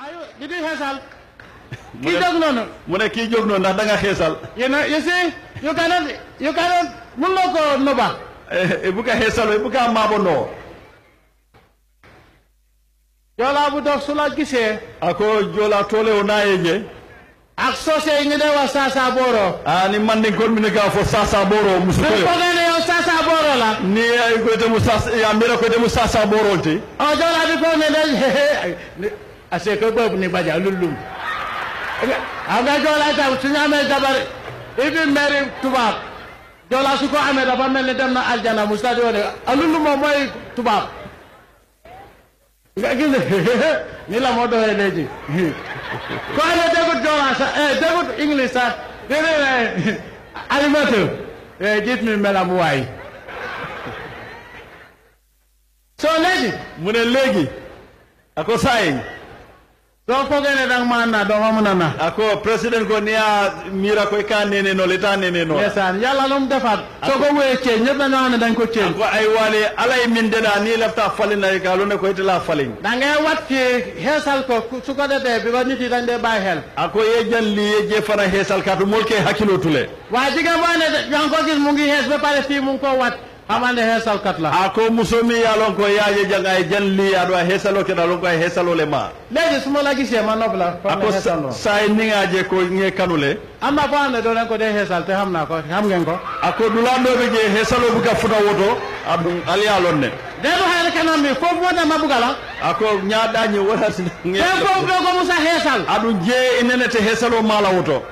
ayo di di xeesal kii jóg noonu mu ne kii jóg noonu ndax nga xeesal you know you see you cannot you ko nëbal e buka xeesal e buka maabondoo joolaa bu dox su la gisee ako joolaa toolewo naa ye je ak soose yi ñu dee wax sasa booro a ah, ni man din kon mi fo sasa booro musu koyo foogee ne yow sasa booro la ni ay koy temu sasa ya mira koy ti o oh, joolaa bi ko ne de asekegbebu ni gbajà lulu amẹ jọla ta sunyẹ amẹ dabari ibi mẹri tuba jọla suko amẹ daba mẹ dem na aljana musa de wẹrẹ alulu mọ mọyi tuba ni lamọ dọ yẹ lẹji ko ale dẹgu jọla english sa deni ẹ alimẹto ẹ jit mi mẹ lamu waayi so léegi mu ne ako saa ɗo fogene ɗan ma anna ɗo homunana ako président ko niya mira koye ka neneno l'état neneno yesan yalla lom defat soko wee ceeñ ñeɓɓenoone dañ ko ceeñ ko ay waale ala e min deɗa ni lefta falinay ka lone ko yitela falin ɗange watti heesal ko sukoɗete biko niti dañ ɗe ɓay hel ako ye jalli ye je fana heesal ka to molke hakkilo tule wa jiga bone janko gis mu ngi hees ɓe pare fi mum ko wat amande hesal katla a ko muso min ye lon ko yaaje jang ay e janli aɗo a hesalo keɗa lon ko ay hesalole ma leje sumalaki sema nobla a ko ni nga je ko nge kanule amma fo ande ɗonen ko de hesal te hamna ko hamgen ko a ko ɗulanɗoɓe je hesalo buka futa woto aɗum Ali lon ne deɗo hayre kanan mi fof wona mabugala a ko nya da ñaɗañi wonaten nge ɓe ko ko musa hesal aɗum jee inenete hesalo mala woto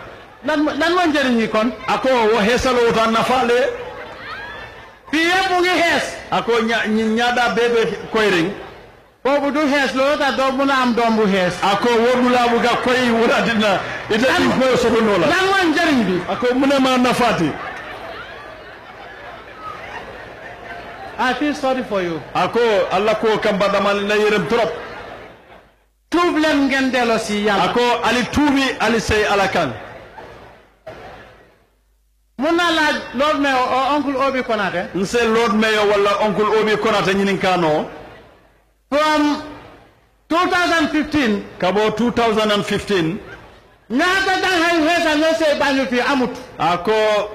nan nan won jeri hi kon a ko wo hesalo woto a nafa le pm mu ngi xees ako ñada bébé koy ring boobu du xees loolu tax doo mun a am doom bu xees ako wóorlu laa bu ga koy wala dina ite ci koy soxandoo la lan mooy njëriñ bi ako mu ne maa nafaati I feel sorry for you. ako Allah ko kamba dama na yërëm trop tuub leen ngeen delloo si yàlla ako ali tuubi ali sey alakan mun na laaj Lord Mayor or Uncle Obi Konate. nse Lord Mayor wala Uncle Obi Konate ñinin kaano. from 2015. kabo ñaata dang hay heesal ñoo see Banjul fii amut. ah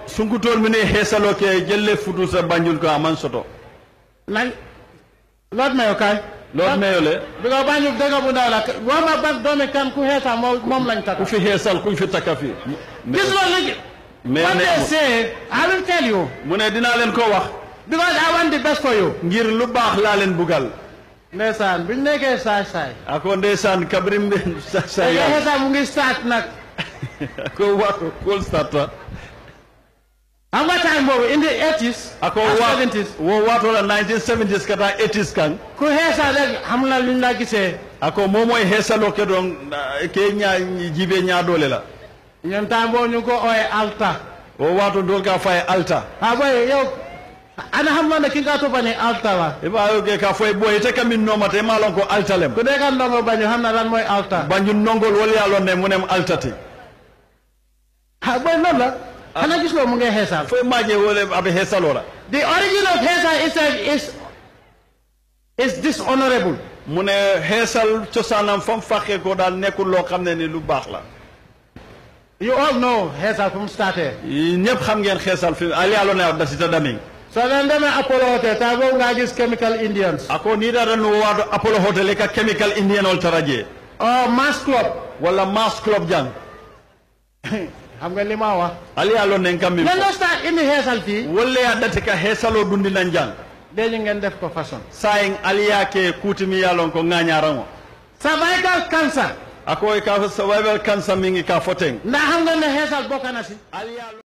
sunkutool mi ne heesaloo kee jëlle futu ko aman soto. nañ Lord Mayor kaay. Lord Mayor le. bi ko Banjul dëgg la wama ban doomi kan ku heesal moom lañ takk. ku fi heesal kuñ fi takka fii. gis loolu mais what ne dinaa leen ko wax. because I want the best for you. ngir lu baax laa leen bugal. ndeysaan bu ñu nekkee saay saay. ah kon ndeysaan kabrim de saay saay. yaa mu ngi start nag. ko waa kool start ah. xam nga time boobu in the 80s. waatoo la 1970s ka taa kan. ku xeesa rek xam na lu ñu la gisee. ak ko moom mooy xeesaloo ke eh, doole la. ñun temps boobu ñu ko ooye alta wo waatu dool ka faye alta ha ah, boy yow ana hammande kinga to bani alta la iba yoge ka foye boy ite kamin nomata ma lon ko alta lem ko de kan ndongo bañu hamna lan moy alta bañu nongol wol ya lon ne munem altati ha ah, boy loolu la ah. xana gis loo mu ngay xeesal foye maaje wole abe xeesaloo la the origin of xeesal itself is is dishonorable mu ne xeesal cosaanam fam fàqee ko daal nekkul loo lu baax la You all know Hesal from started. ñëpp xam ngeen Hesal fi ali alo na da sita dami. So then dama Apollo hotel go nga gis chemical Indians. Ako ni da no wado Apollo hotel ka chemical Indian ol taraje. Oh mass club wala mass club jan. xam nga lima wa. ali alo nen kam mi. Lan start in Hesal fi. Wolle ya dati ka Hesalo dundi nan jan. Deñu ngeen def ko façon. Saying aliya ke kutimi yalon ko ngañarango. Cervical cancer. ako e ka sawabel kan sammingi ka foten nda hanngande heesal bokana si